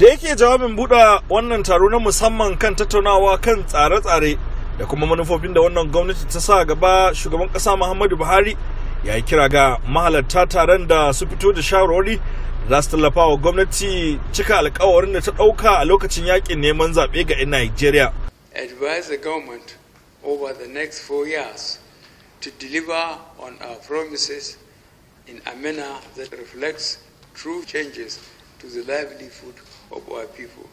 da yake jawabin buɗe wannan taro na musamman kan tattaunawa kan tsare-tsare da kuma manufofin da wannan gwamnati ta sa gaba shugaban ƙasa muhammadu buhari ya yi kira ga mahalarta taron da su fito da shawarwari za su tallafa wa gwamnati cika alkawarin da ta ɗauka a lokacin yakin neman zaɓe ga 'yan nigeria Advise the government over the next four to deliver on our promises in a manner that reflects true changes to the livelihood of our people.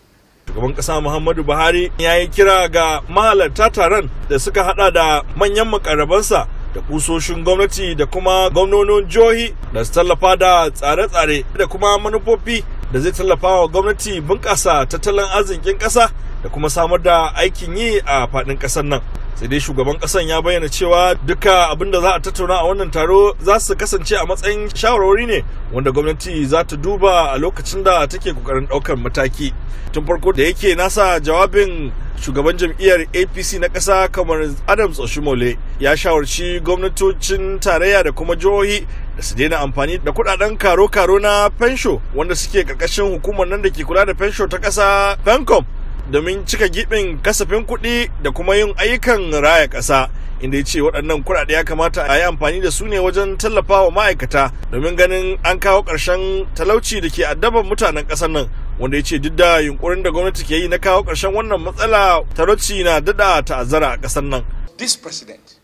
Shugaban ƙasa Muhammadu Buhari ya yi kira ga mahalarta taron da suka hada da manyan makarabansa da kusoshin gwamnati da kuma gwamnonin jihohi da su tallafa da tsare-tsare da kuma manufofi da zai tallafa wa gwamnati bunƙasa tattalin arzikin ƙasa da kuma samar da aikin yi a faɗin ƙasar nan. sai dai shugaban kasan ya bayyana cewa duka abinda da za a tattauna a wannan taro za su kasance a matsayin shawarwari ne wanda gwamnati za ta duba a lokacin da take kokarin daukar mataki tun farko da yake nasa jawabin shugaban jam'iyyar apc na kasa kamar adams oshimole ya shawarci gwamnatocin tarayya da kuma jihohi da su daina amfani da kudaden karo-karo na fensho wanda suke ƙarƙashin hukumar nan da ke kula da fensho ta kasa fencom domin cika gibin kasafin kuɗi da kuma yin ayyukan raya ƙasa inda ya ce waɗannan kuɗaɗe ya kamata a yi amfani da su ne wajen tallafawa ma'aikata domin ganin an kawo ƙarshen talauci da ke addaban mutanen ƙasar nan wanda ya ce duk da yunkurin da gwamnati ke yi na kawo ƙarshen wannan matsala talauci na daɗa ta'azzara a ƙasar nan. This president,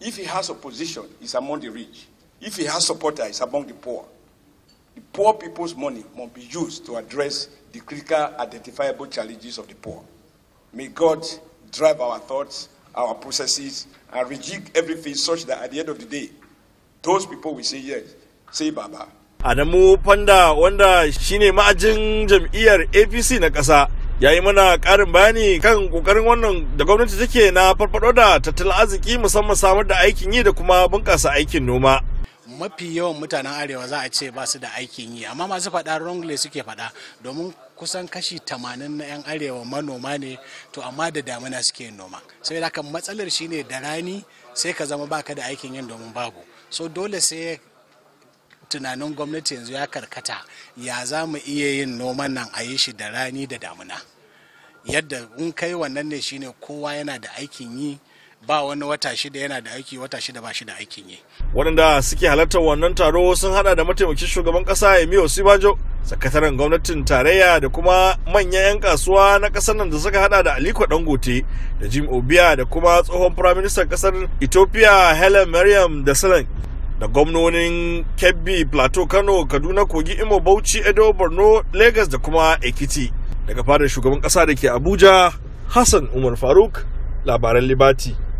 if he has opposition, is among the rich. If he has supporter, is among the poor. The poor people's money must be used to address the critical identifiable challenges of the poor. May God drive our thoughts, our processes, and rejig everything such that at the end of the day, those people will say yes, say Baba. Adamu Panda wanda shine ma'ajin jam'iyyar APC na kasa ya imana mana ƙarin bayani kan ƙoƙarin wannan da gwamnati take na farfaɗo da tattalin arziki musamman samar da aikin yi da kuma bunƙasa aikin noma. mafi yawan mutanen arewa za a ce ba su da aikin yi amma masu faɗa wrongly suke faɗa domin kusan kashi 80 na 'yan arewa manoma ne to amma da damuna suke noma sai haka matsalar shine da rani sai ka zama baka da aikin yin domin babu so dole sai tunanin gwamnati yanzu ya karkata ya za mu iya yin noman nan a yi shi da rani da damuna yadda in kai wannan ne shine kowa yana da aikin yi ba wani wata shida yana da aiki wata shida ba shi da aikin yi. Waɗanda suke halartar wannan taro sun hada da mataimakin shugaban ƙasa Yemi Osibanjo, sakataren gwamnatin tarayya da kuma manyan 'yan kasuwa na ƙasar nan da suka hada da Aliko Dangote da Jim Obia da kuma tsohon firaministan ƙasar Ethiopia Helen maryam da Salon da gwamnonin Kebbi, Plateau, Kano, Kaduna, Kogi, Imo, Bauchi, Edo, Borno, Lagos da kuma Ekiti. Daga fadar shugaban ƙasa da ke Abuja, Hassan Umar Faruk, labaran Libati.